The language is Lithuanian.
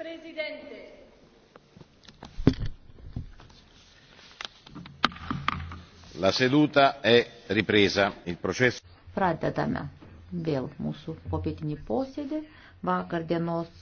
Presidente. La seduta è ripresa. Il processo. Pradedame vėl mūsų popietinį posėdį. Vakar dienos